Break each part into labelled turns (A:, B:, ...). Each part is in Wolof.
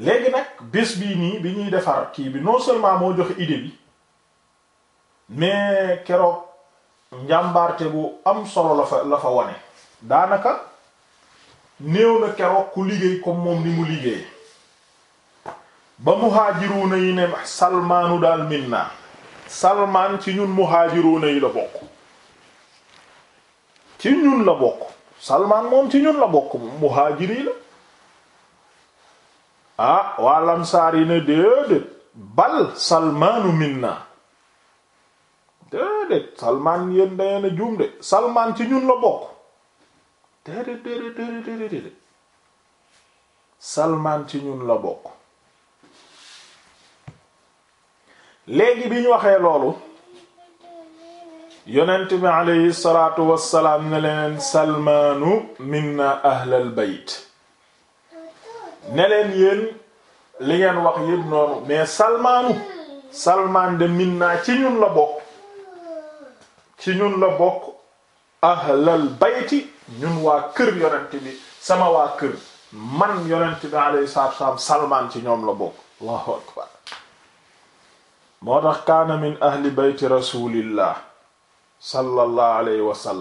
A: léegi nag bés bii nii bi ñuy defar kii bi noo seulement moo jox idée bi mais keroog njàmbaarte bu am solo la fa la fa wane daanaka néew na keroog ku liggéey comme moom ni mu liggéey ba muhaajiruuna yi ne salmaanu daal minna salmaan ci ñun muhaajiruuna yi la bokk ci ñun la bokk salmaan moom ci ñun la bokk muhaajiri la ah waa lamsaar yi ne déedéet bal salmaanu minna déedéet salmaan yéen dayeen a juum de salmaan ci ñun la bokk déedéet ci ñun la bokk léegi bi waxee loolu yonent bi aleyhi salaatu wassalaam ne leen salmaanu minna ahlal bayt ne leen yéen li ngeen wax yépp noonu mais salmaanu salmaan de minna ci ñun la bokk ci ñun la bokk ahlal bayti ñun waa kër yonent bi sama waa kër man yonent bi alayhi salaatu wassalaam salmaan ci ñoom la bokk allahu akbar moo tax kaana min ahli bayti rasulillah sallallahu alayhi wa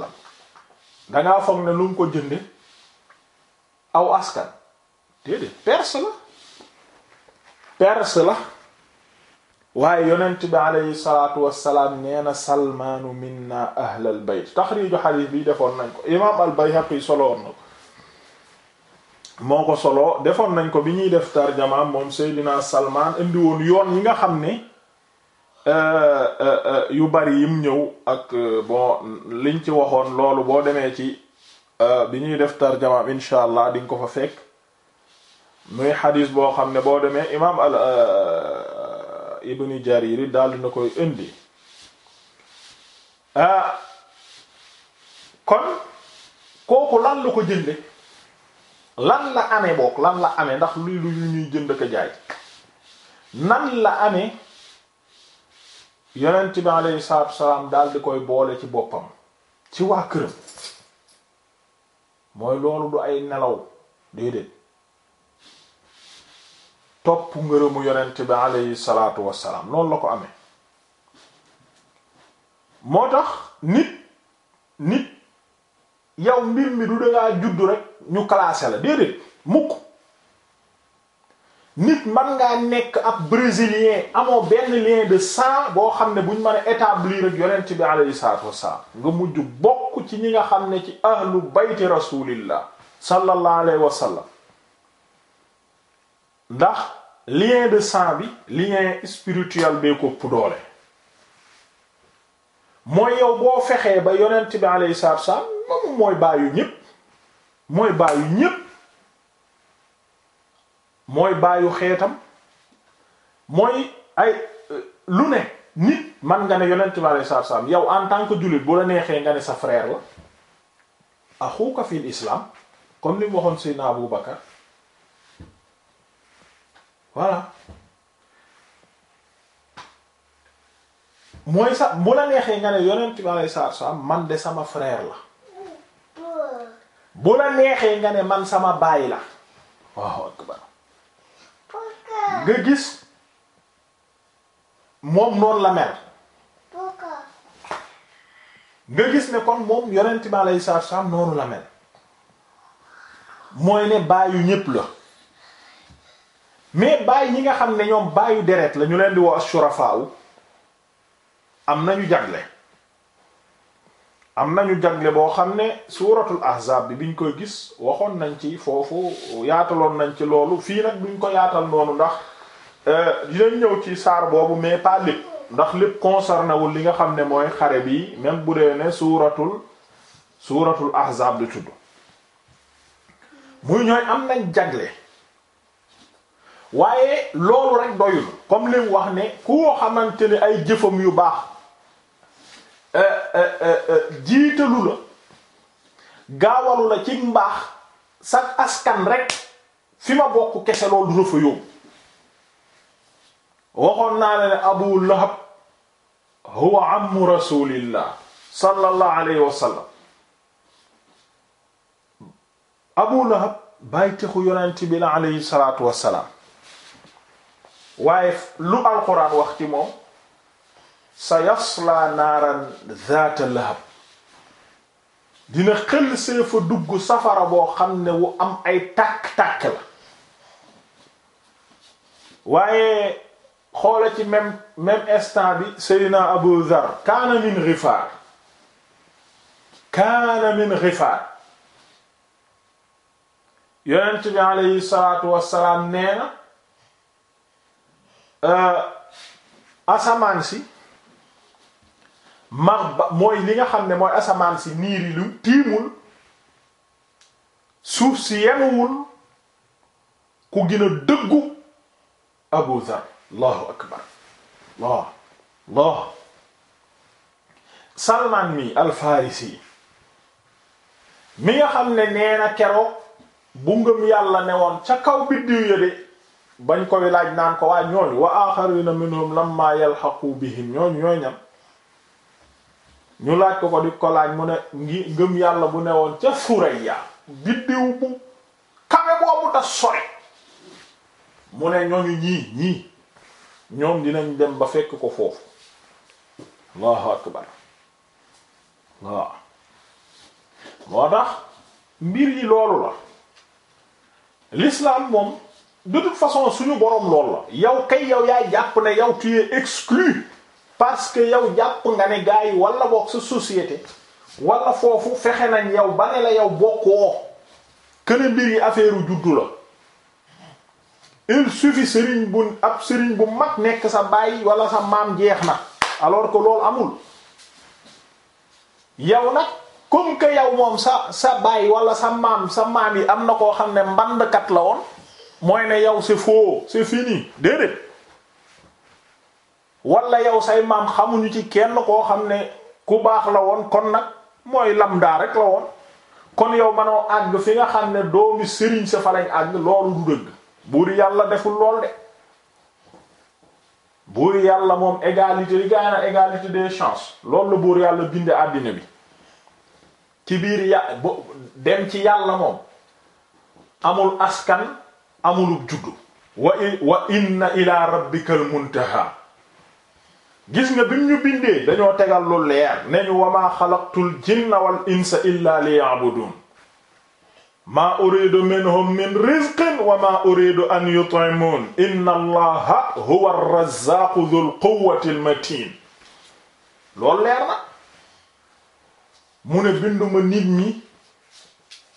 A: dangaa foog ne lu mu ko jënde aw askan déedéet perse la perse la waaye yonent bi aleyhi salaatu wassalaam neena salmaanu minna ahlal bayt taxriiju xadiis bi defoon nañ ko imaam al bayhaqi soloon na ko moo ko solo defoon nañ ko bi ñuy def tarjamaam moom seydina salmaan indi woon yoon yi nga xam ni euh, euh, euh, yu bari yim ñëw ak bon liñ ci waxoon loolu boo demee ci bi ñuy def tarjamaam insha allah di nga ko fa fekk muy xadis boo xam ne boo demee imaam al euh, ibnu jariri daal dina koy indi ah kon kooku lan la ko jënde lan la ame boog lan la amee ndax luy lu ñuy jënd ko jaay nan la amee yeneen bi aleyhi salaatu wasalaam daal di koy boole ci boppam ci waa këram mooy loolu du ay nelaw déedéet topp ngërëmu yonent bi aleyhi salaatu wassalaam noonu la ko amee moo tax nit nit yow mbir mi du dangaa juddu rek ñu classé la déedéet mukk nit man ngaa nekk ab brésilien amoo benn lien de sang boo xam ne buñ mën a établir ak yonent bi aleyhi salaatu wassalaam nga mujj bokk ci ñi nga xam ne ci ahlu bayti rasulillah sallallahu alayhi wa sallam ndax lien de sang bi lien spirituel bee ko ëpp doole mooy yow boo fexee ba yonent bi alayhi salaatu wassalaam moom mooy baayu ñépp mooy baayu ñépp mooy baayu xeetam mooy ay lu ne nit man nga ne yonent bi alayhi salaatu wassalaam yow en tant que jullit bu la neexee nga ne sa frère la axuuka fil islam comme li mu waxoon Seydina Abu Bakar voilà mooy sa mu la neexee nga ne yonent bi alayhi salaatu salaam man de sama frère la bu la neexee nga ne man sama baay la waaw nga gis moom noonu la mel nga gis ne kon moom yonent bi alayhi salaatu salaam noonu la mel mooy ne baayu ñépp la mais baay ñi nga xam ne ñoom baayu dereet la ñu leen di wax asurafaaw am nañu jagle am nañu jagle boo xam ne suuratul ahzaab bi biñ koy gis waxoon nañ ci foofu yaataloon nañ ci loolu fii nag duñ ko yaatal noonu ndax euh, dinañ ñëw ci saar boobu mais pas lépp ndax lépp concerné wul li nga xam ne mooy xare bi même bu dee ne suuratul suuratul ahzaab di tudd muy ñooy am nañ jagle waaye loolu rek doyul comme li wax ne koo xamante ne ay jëfam yu baax euh, euh, euh, jiitalu la gaawalu la ci mbaax sax askan rekk fi ma bokk kese loolu du fa yóbbu waxoon naa ne ne Abu Lahab huwa ammu rasulillah sallallahu alayhi wa sallam Abu Lahab bàyyi texu yonent bi la alayhi salaatu wa waaye lu alquran wax ci moom sa yasla naaran zaata lahab dina xël see fa dugg safara boo xam ne wu am ay tàkk-tàkk la waaye xoola ci même même instant bi Seydina Abu Dhar kaana min ghifaar kaana min ghifaar yonent bi aleyhi salaatu wassalaam nee Euh, asamaan si mar ba mooy li nga xam ne mooy asamaan si niir yi lu tiimul suuf si yenuwul ku gën dëggu Abu Dhar allahu akbar allah allah Salman mi al mi nga xam ne nee keroog bu ngëm yàlla ne woon ca kaw biddiw ya de bañ koy laaj naan ko waa ñooñ wa axarina minhum lamma yalhaqu bihim ñooñ ñooñam ñu laaj ko ko di ko laaj mu ne ngi ngëm yàlla bu ne woon ca Surayya biddiw bu kawe boobu ta sore mu ne ñooñu ñii ñii ñoom dinañ dem ba fekk ko foofu allahu akbar waaw moo tax mbir yi loolu la l'islam moom de toute façon suñu borom lool la yow kay yow yaa jàpp na yow tu es exclu parce que yow jàpp nga ne gars yi wala boog sa société walla foofu fexe nañ yow ba ne la yow bokkoo këne mbir yi affaire u juddu la il suffit sëriñ bu ab sëriñ bu mag nekk sa baay wala sa maam jeex na alors que loolu amul yow nag comme que yow moom sa sa baay wala sa maam sa maam yi am na koo xam ne mbandkat la woon mooy na yow c'est faux c'est fini déedéet wala yow say maam xamuñu ci kenn koo xam ne ku baax la woon kon nag mooy lamda rek la woon kon yow manoo àgg fi nga xam ne doomi sëriñ sa fa àgg loolu du dëgg buur yàlla deful lool de buur yàlla moom égalité li gaa na égalité des chances loolu la buur yàlla binde àddina bi ci biir yà dem ci yàlla moom amul askan amulub juddu wa wa inna ila rabbikal muntaha gis nga bi ñu dañoo tegal lu leer ne ñu wa maa xalaqtul jinna wal insa illa liya'budun maa uridu minhum min rizqin wa maa uridu an yut'imun inna allaha huwa ar-razzaqu dhul quwwati al leer na mu ne binduma nit ñi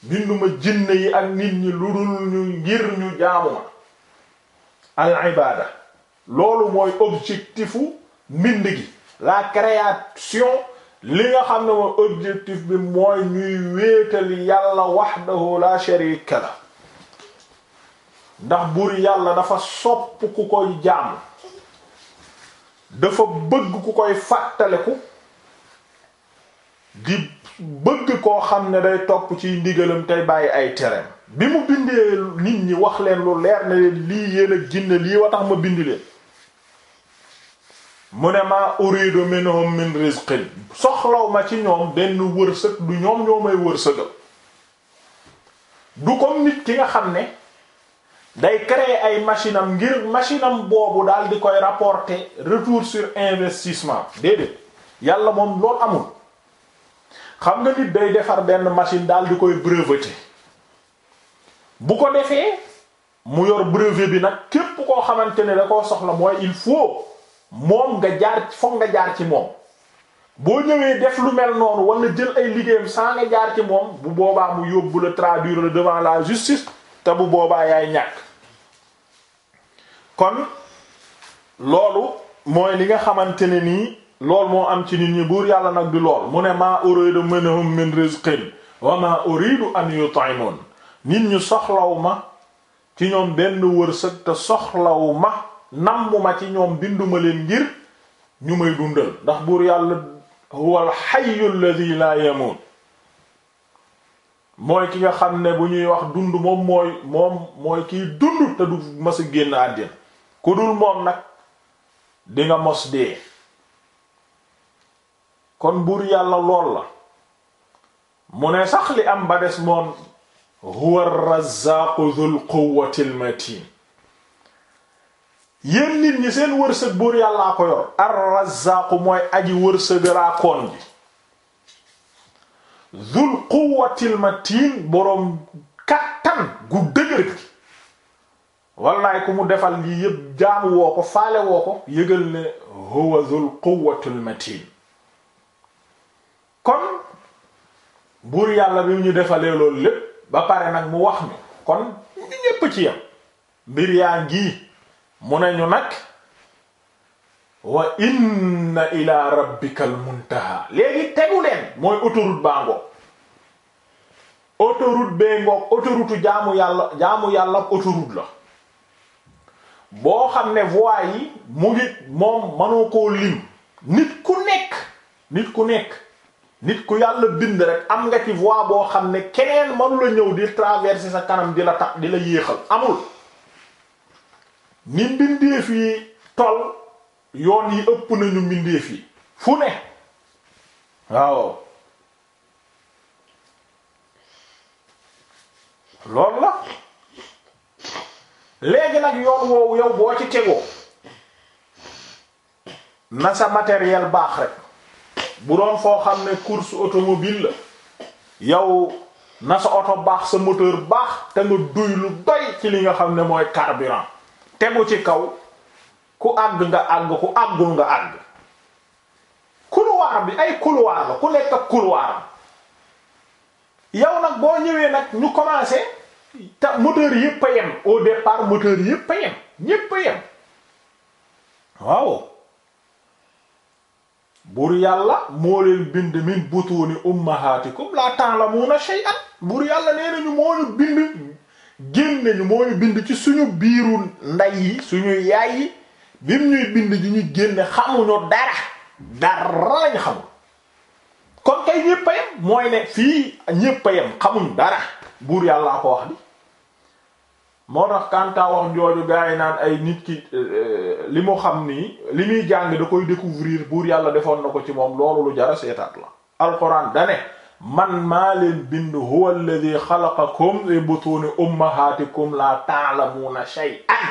A: binduma jinne yi ak nit ñi lu dul ñu ngir ñu jaamu ma al ibaada loolu mooy objectifu mbind gi la création li nga xam ne mooy objectif bi mooy ñuy wéetal yàlla wahdahu la sharika la ndax buur yàlla dafa sopp ku koy jaamu dafa bëgg ku koy fàttaleku di bëgg koo xam ne day topp ci ndigalam tey bàyyi ay tereem bi mu bindee nit ñi wax leen lu leer ne lii yéen a ginne lii wa tax ma bind leen mu ne maa uridu minhum min rizqin soxlaw ma ci ñoom benn wërsëg du ñoom ñoo may wërsëgal du comme nit ki nga xam ne day créer ay machine ngir machine am boobu daal di koy rapporter retour sur investissement déedéet yàlla moom loolu amul xam nga nit day defar benn machine daal di koy breveté bu ko defee mu yor brevet bi nag képp koo xamante ne da koo soxla mooy il faut moom nga jaar fokk nga jaar ci moom boo ñëwee def lu mel noonu wala jël ay liggéeyam saa nga jaar ci moom bu boobaa mu yóbbu la traduire la devant la justice te bu boobaa yaay ñàkk kon loolu mooy li nga xamante ne nii lool moo am ci nit ñi buur yàlla nag di lool mu ne maa uridu minhum min rizqin wa maa uridu an yut'imun nit ñu soxlaw ma ci ñoom benn wërsëg te soxlaw ma nammu ma ci ñoom binduma leen ngir ñu may dundal ndax buur yàlla huwal hayyu alladhi la yamut mooy ki nga xam ne bu ñuy wax dund moom mooy moom mooy kiy dund te du mas génn àddina ku dul moom nag di nga mos dee kon buur yàlla lool la mu ne sax li am ba des moom huwa ar-razzaaqu dhul quwwati al-matin yéen nit ñi seen wërsëg buur yàllaa ko yor ar-razzaaqu mooy aji wërsëgalaakoon ji dhul quwwati matin boroom kattan gu dëgër gi wallaay ku mu defal yi yépp jaamu woo ko faale woo ko yëgal ne huwa dhul quwwati matin kon buur yàlla bi ñu defalee loolu lépp ba pare nag mu wax ni kon ñu ñépp ci yam mbir yaa ngi mu ne nag wa inna ila rabbikal muntaha léegi tegu leen mooy autoroute baa ngoog autoroute bee ngoog autoroute jaamu yàlla jaamu yàlla autoroute la boo xam ne voies yi mu ngi moom mënoo koo lim nit ku nekk nit ku nekk nit ku yàlla bind rek am nga ci voie boo xam ne keneen manu la ñëw di traverser sa kanam di la tax di la yéexal amul ni mbindeef yi tol yoon yi ëpp nañu mbindeef yi fu ne waaw loolu la léegi nag yoon woowu yow boo ci tegoo na sa matériel baax rek bu doon foo xam ne course automobile la yow na sa oto baax sa moteur baax te nga duy lu doy ci li nga xam ne mooy carburant tegu ci kaw ku àgg nga àgg ku àggul nga àgg couloir bi ay couloir la ku nekk ak couloir yow nag boo ñëwee nag ñu commencé te moteur yépp a yem au départ moteur yépp a yem ñépp yem waaw buur yàlla moo leen bind min butuuni ummahatikum la ta'lamuna shay'an buur yàlla nee nañu moo ñu bind génne ñu moo ñu bind ci suñu biiru ndey yi suñu yaay yi bi mu ñuy bind ji ñu génne xamuñu dara dara lañ xamul kon kay ñépp a mooy ne fii ñépp a yem xamuñ dara buur yàllaa ko wax bi moo tax kanta wax jooju gaa yi naan ay nit ki euh, euh, li mu xam nii li muy jàng da koy découvrir buur yàlla defoon na ko ci moom loolu lu jara seetaat la da dane man maa leen bind huwa alladhi xalaqakum li butuni ummahatikum la ta'lamuna shay'an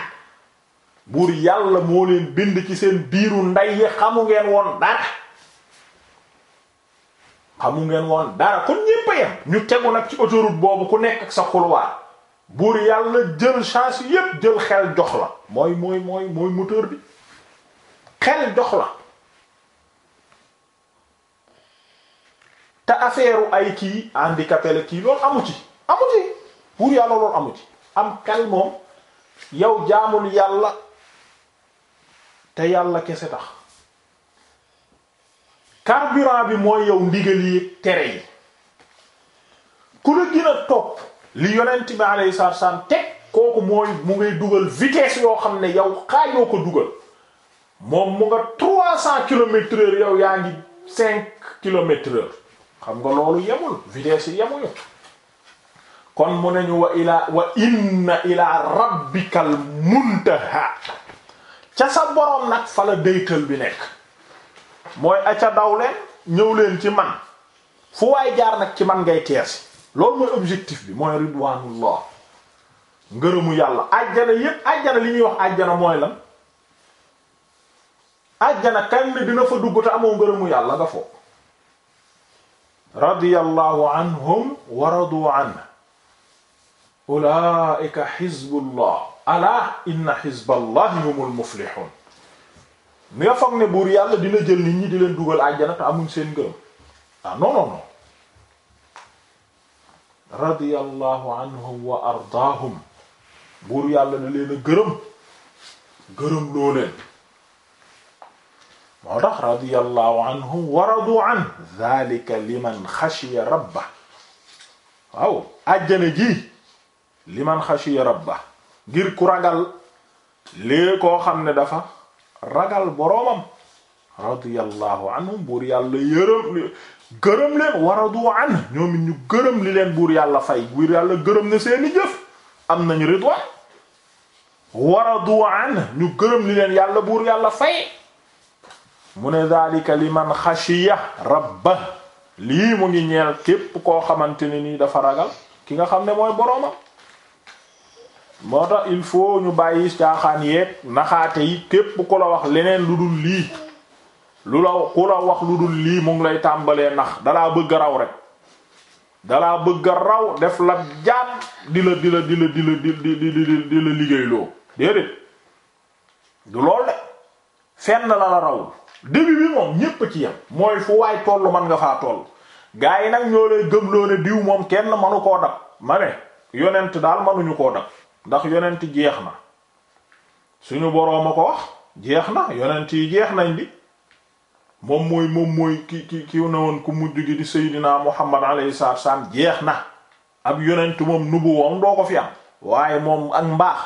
A: buur yàlla moo leen bind ci seen biiru nday yi xamu ngeen woon dara xamu ngeen woon dara kon ñépp a ñu tegu nag ci autoroute boobu ku nekk ak sa xulwaar buur yàlla jël chance yépp jël xel jox la mooy mooy mooy mooy bi xel jox la te affaire ay kii handicapé la kii loolu amu ci amu ci buur amu ci am xel moom yow jaamul yàlla te yàlla kese tax carburant bi mooy yow ndigal yi tere yi ku la gën a topp li yonent bi alayhi salaatu salaam teg kooku mooy mu ngay dugal vitesse yoo xam ne yow xaajoo ko dugal moom mu nga trois cents kilomètres heure yow yaa ngi cinq kilomètres xam nga loolu yemul vitesse yi yemuñu kon mu ne ñu wa ilaa wa inna ilaa rabbikal muntaha ca sa boroom nag fa la daytal bi nekk mooy aca daw leen ñëw leen ci man fu waay jaar nag ci man ngay teer si loolu mooy objectif bi mooy ridwaanullah ngërëmu yàlla ajjana yépp ajjana li ñuy wax ajjana mooy lan ajjana kan ni dina fa dugg te amoo ngërëmu yàlla nga foofu radiyallahu anhum wa radu anhu ulaa'ika hizbullah alaa inna hizballahi humul muflihun ni nga foog ne buur yàlla dina jël nit ñi di leen dugal ajjana te amuñ seen ngërëm ah radiyallahu anhum wa ardaahum buur yàlla leena leen a gërëm gërëm loo leen moo tax radiyallahu anhum wa radu an zalika liman xashiya rabba waaw àjjana ji liman xashiya rabba ngir ku ragal lée koo xam ne dafa ragal boroomam radiyallahu anhum buur yàlla yërëm gërëm leen waradu ñoom it ñu gërëm li leen buur yàlla fay buur yàlla gërëm na seeni jëf am nañu ridwa waradu an ñu gërëm li leen yàlla buur yàlla fay mu ne daalika li man xashiya rabba lii mu ngi ñeel képp koo xamante ne nii dafa ragal ki nga xam ne mooy boroomam moo tax il faut ñu bàyyi saaxaan yeeg naxaate yi képp ku la wax leneen lu dul lii lu la ku la wax lu dul lii moom lay tàmbalee nax dalaa bëgg a raw rek dalaa bëgg a raw def la jaan di la di la di la di la di di di la liggéeyloo déedéet du lool de fenn la la raw début bi moom ñépp ci yam mooy fu waay tollu man nga faa toll gaa yi nag ñoo lay gëmloo ne diw moom kenn manu koo dab ma ne yonent daal manuñu koo dab ndax yonent jeex na suñu boroom a ko wax jeex na yonent yi jeex nañ di moom mooy moom mooy ki ki ki ne woon ku mujj gi di Seydina Muhammad alayhi salaatu wasallam jeex na ab yonent moom nubu woon doo ko fi am waaye moom ak mbaax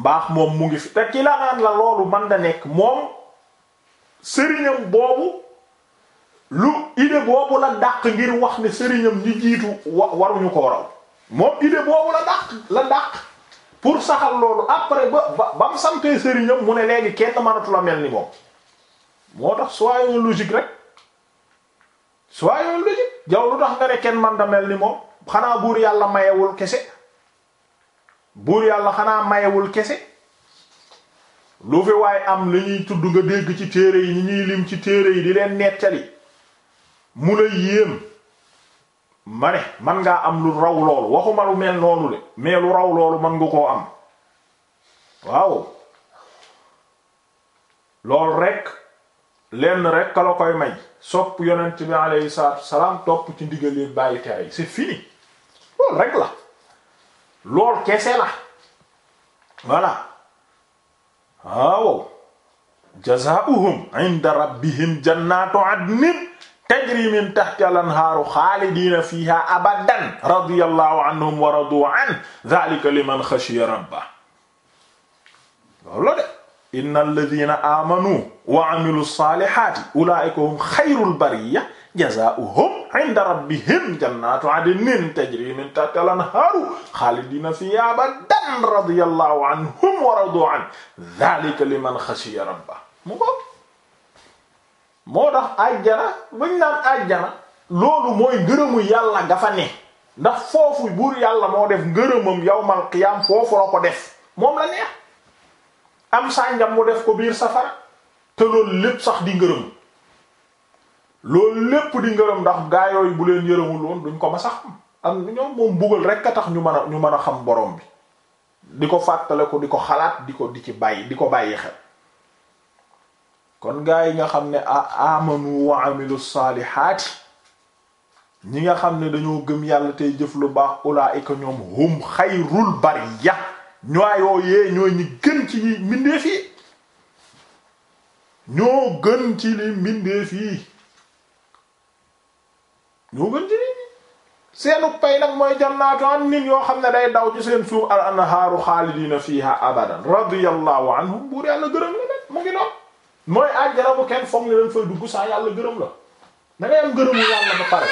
A: mbaax moom mu ngi fi te ki la loolu man da nekk moom sëriñam boobu lu idée boobu la dàq ngir wax ne sëriñam ñi jiitu wa waruñu ko raw moom idée boobu la dàq la dàq pour saxal loolu après ba ba mu santee sëriñam mu ne léegi kenn mënatu mel ni moom moo tax soyons logique rek soyons logique yow lu tax nga ne kenn man da mel ni moom xanaa buur yàlla mayewul kese buur yàlla xanaa mayewul kese lu fi waaye am li ñuy tudd nga dégg ci téere yi ñi ñuy lim ci téere yi di leen nettali mu la yéem ma ne man ngaa am lu raw loolu waxuma lu mel noonu de mais lu raw loolu man nga koo am waaw loolu rek lenn rek ka la koy may sopp yonent bi alayhi salaatu wasalaam topp ci ndigal yi bàyyi tere yi fini loolu rek la lool kese la voilà ah, waaw jazaa'uhum 'inda rabbihim jannatu 'adnin tajri min tahtiha al-anhaaru xaalidiina fiihaa abadan radiyallahu anhum wa radu 'an dhaalika liman xashiya rabbahu innal ladhina amanu wa amilu salihati ulaika hum xayrul bariyya jazaa'uhum 'inda rabbihim jannatu 'adnin tajri min tahtiha al-anhaaru xaalidina fiihaa abadan radiyallahu anhum wa radu 'an dhaalika liman xashiya rabbahu mu bopp moo tax àjjana buñ naan àjjana loolu mooy ngërëmu yàlla nga fa ne ndax foofu buur yàlla moo def ngërëmam yawmal qiyaam foofu la ko def moom la neex am sànjam mu def ko biir safara te loolu lépp sax di ngërëm loolu lépp di ngërëm ndax gaayooy bu leen yërëmul woon duñ ko ma sax am ñoom moom bugal rek a tax ñu mën a ñu mën a xam borom bi di ko fàttale ko di ko xalaat di ko di ci bàyyi di ko bàyyi xel kon gaa yi nga xam ne a amanu wa amilu saalihaati ñi nga xam ne dañoo gëm yàlla tey jëf lu baax ulaa'ika ñoom hum xayrul bariya ñooyoo yee ñooy ñi gën ci yi mbindeef yi ñoo gën ci li mbindeef yi ñoo gën ci li seenu pay nag mooy jannaatu an nit yoo xam ne day daw ci seen suuf al anhaaru xaalidina fiiha abadan radiyallahu anhum buur yàlla gërëm la mu ngi noonu mooy àjjana bu kenn foog ne leen fay dugg saa yàlla gërëm la da ngay am gërëmu yàlla ba pare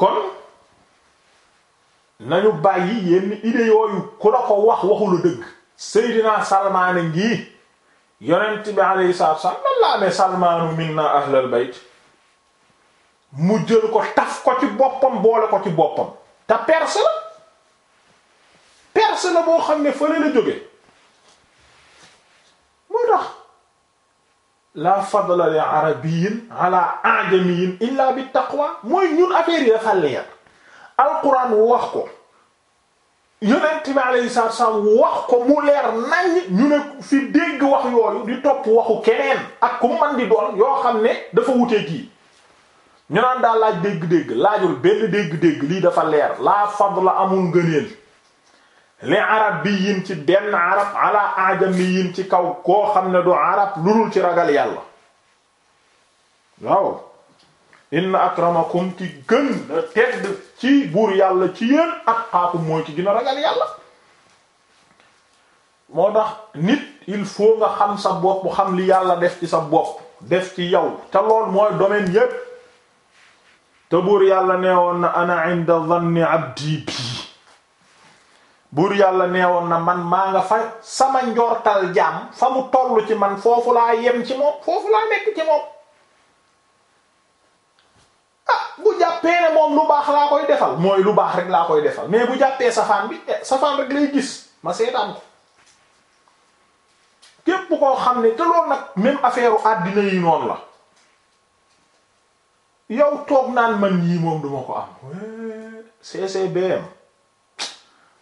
A: kon nañu bàyyi yenn idée ku la ko wax waxu la dëgg Seydina Salmaane ngi yonent bi alayhi salaatu Salmaanu minna ahlal bayt mu jël ko taf ko ci boppam boole ko ci boppam te perse la perse la boo xam ne fële la jóge moo tax la fadla li arabiyyin ala ajamiyyin bi taqwa mooy ñun affaire yi dafa leer alquran wax ko yonent bi alayhi salaatu wasallam wax ko mu leer nañ ñu ne fi dégg wax yooyu di topp waxu keneen ak ku man di doon yoo xam ne dafa wutee kii ñu naan daal laaj dégg-dégg laajul benn dégg-dégg lii dafa leer laa la amul ngëneel li arab bi yin ci benn arab ala ajami yin ci kaw koo xam ne du arab lu dul ci ragal yàlla waaw inna akramakum ki gën a tedd ci buur yàlla ci yéen atqaakum mooy ki gën ragal yàlla moo tax nit il faut nga xam sa bopp xam li yàlla def ci sa bopp def ci yow te lool mooy domaine yépp te buur yàlla neewoon na ana inda dhanni abdi bi buur yàlla neewoon na man maa nga fa sama njortal jaam fa mu tollu ci man foofu laa yem ci moom foofu laa nekk ci moom jàppee ne moom lu baax laa koy defal mooy lu baax rek laa koy defal mais bu jàppee safaan bi eh, safaan rek lay gis ma seetaan ko képp koo xam ne te loolu nag même affaire u àddina yi noonu la yow toog naan man yii moom duma ko am eh, CCBM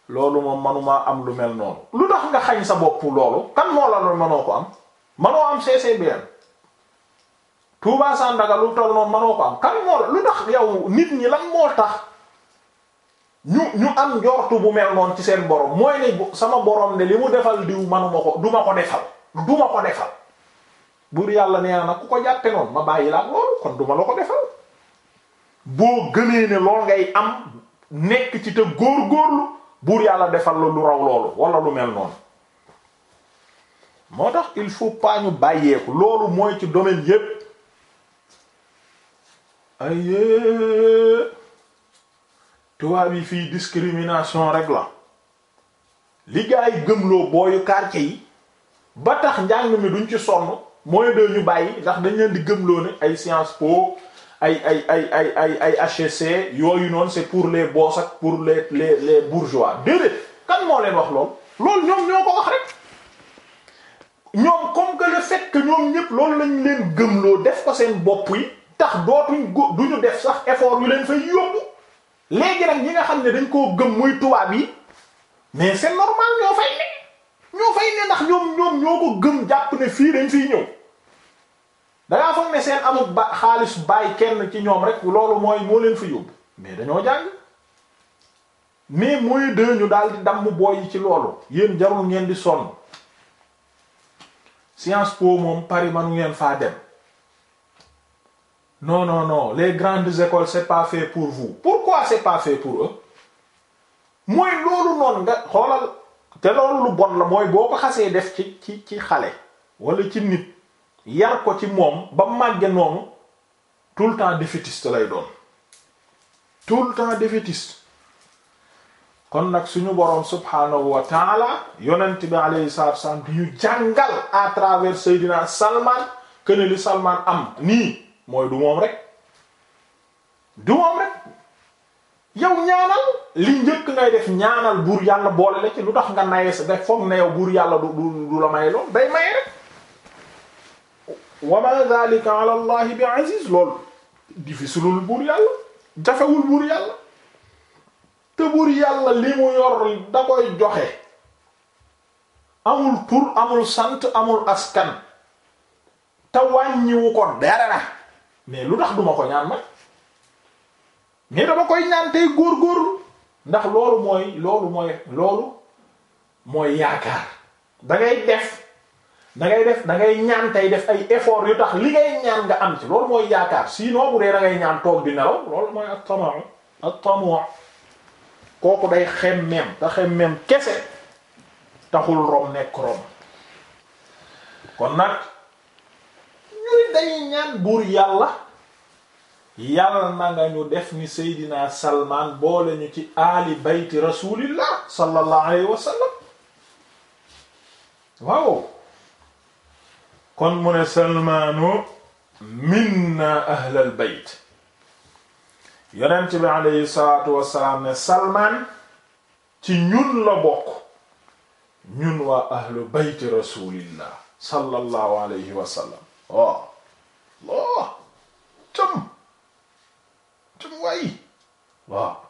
A: loolu moom manuma am lu mel noonu lu tax nga xañ sa bopp loolu kan moo la loolu manoo ko am manoo am CCBM Touba Sandaga lu toll noonu manoo ko am kan moo lu tax yow nit ñi lan moo tax ñu ñu am njortu bu mel noonu ci seen borom mooy ne sama borom ne li mu defal diw manuma ko duma ko defal duma ko defal buur yàlla nee na ku ko jàppe noonu ma bàyyi la loolu kon duma ko defal boo gënee ne lool ngay am nekk ci te góor-góorlu buur yàlla defal la lu raw loolu wala lu mel noonu moo tax il faut pas ñu bàyyeeku loolu mooy ci domaine yépp ayee tubaab yi fii discrimination rek la li gaa yi gëmloo booyu quartier yi ba tax njàng mi duñ ci sonn mooy doo ñu bàyyi ndax dañ leen di gëmloo ne ay Sciences Po ay ay ay ay ay ay HEC yooyu noonu c'est pour les boss ak pour les les les bourgeois déedéet kan moo leen wax lool loolu ñoom ñoo ko wax rek ñoom comme que le fait que ñoom ñépp loolu lañ leen gëmloo def ko seen bopp yi. tax dootuñ go ñu def sax effort yu leen fay yóbbu léegi nag ñi nga xam ne dañ koo gëm muy tubaab yi mais c'est normal ñoo fay ne ñoo fay ne ndax ñoom ñoom ñoo ko gëm jàpp ne fii dañ fiy ñëw dangaa foog ne seen amut ba xaalis bàyyi kenn ci ñoom rek loolu mooy moo leen fi yóbbu mais dañoo jàng mais mooy de ñu daal di damm booy ci loolu yéen jarul ngeen di sonn Sciences Po moom Paris manu ngeen faa dem non non non les grandes écoles c'est pas fait pour vous pourquoi c'est pas fait pour eux mooy loolu noonu nga xoolal te loolu lu bon la mooy boo ko xasee def ci ci ci xale wala ci nit yar ko ci moom ba màgge noonu tout le temps défaitiste lay doon tout le temps défaitiste kon nag suñu boroom subhaanahu wa taala yonent bi alayhi salatu wassalam di jàngal à travers Seydina Salman que lu li Salman am nii mooy du moom rek du moom rek yow ñaanal li njëkk ngay def ñaanal buur yàlla boole la ci lu tax nga naye sa def foog na buur yàlla du du la lool day may rek wa ma zalika ala allah bi aziz lool difficile buur yàlla jafewul buur yàlla te buur yàlla li mu yor da joxe amul tur amul sant amul askan te wàññiwu ko dara mais lu tax duma ko ñaan man mais dama koy ñaan tey góor-góorlu ndax loolu mooy loolu mooy loolu mooy yaakaar da ngay def dangay def dangay ngay ñaan tey def ay effort yu tax li ngay ñaan nga am ci loolu mooy yaakaar sinon bu dee da ngay ñaan toog di nelaw loolu mooy at-tamu at-tamu kooku day xemmeem te xemmeem kese taxul rom nekk rom kon nag dañuy ñaan buur yàlla yàlla na nga ñu def ni seydina salmaan boole ñu ci aali bayti rasulillah sallallahu alayhi wa sallam waaw kon mu ne salmaanu minna ahlal bayt yonent bi alayhi salmaan ci ñun la bokk ñun waa ahlu bayti rasulillah sallallahu alayhi loo cam cam waay waaw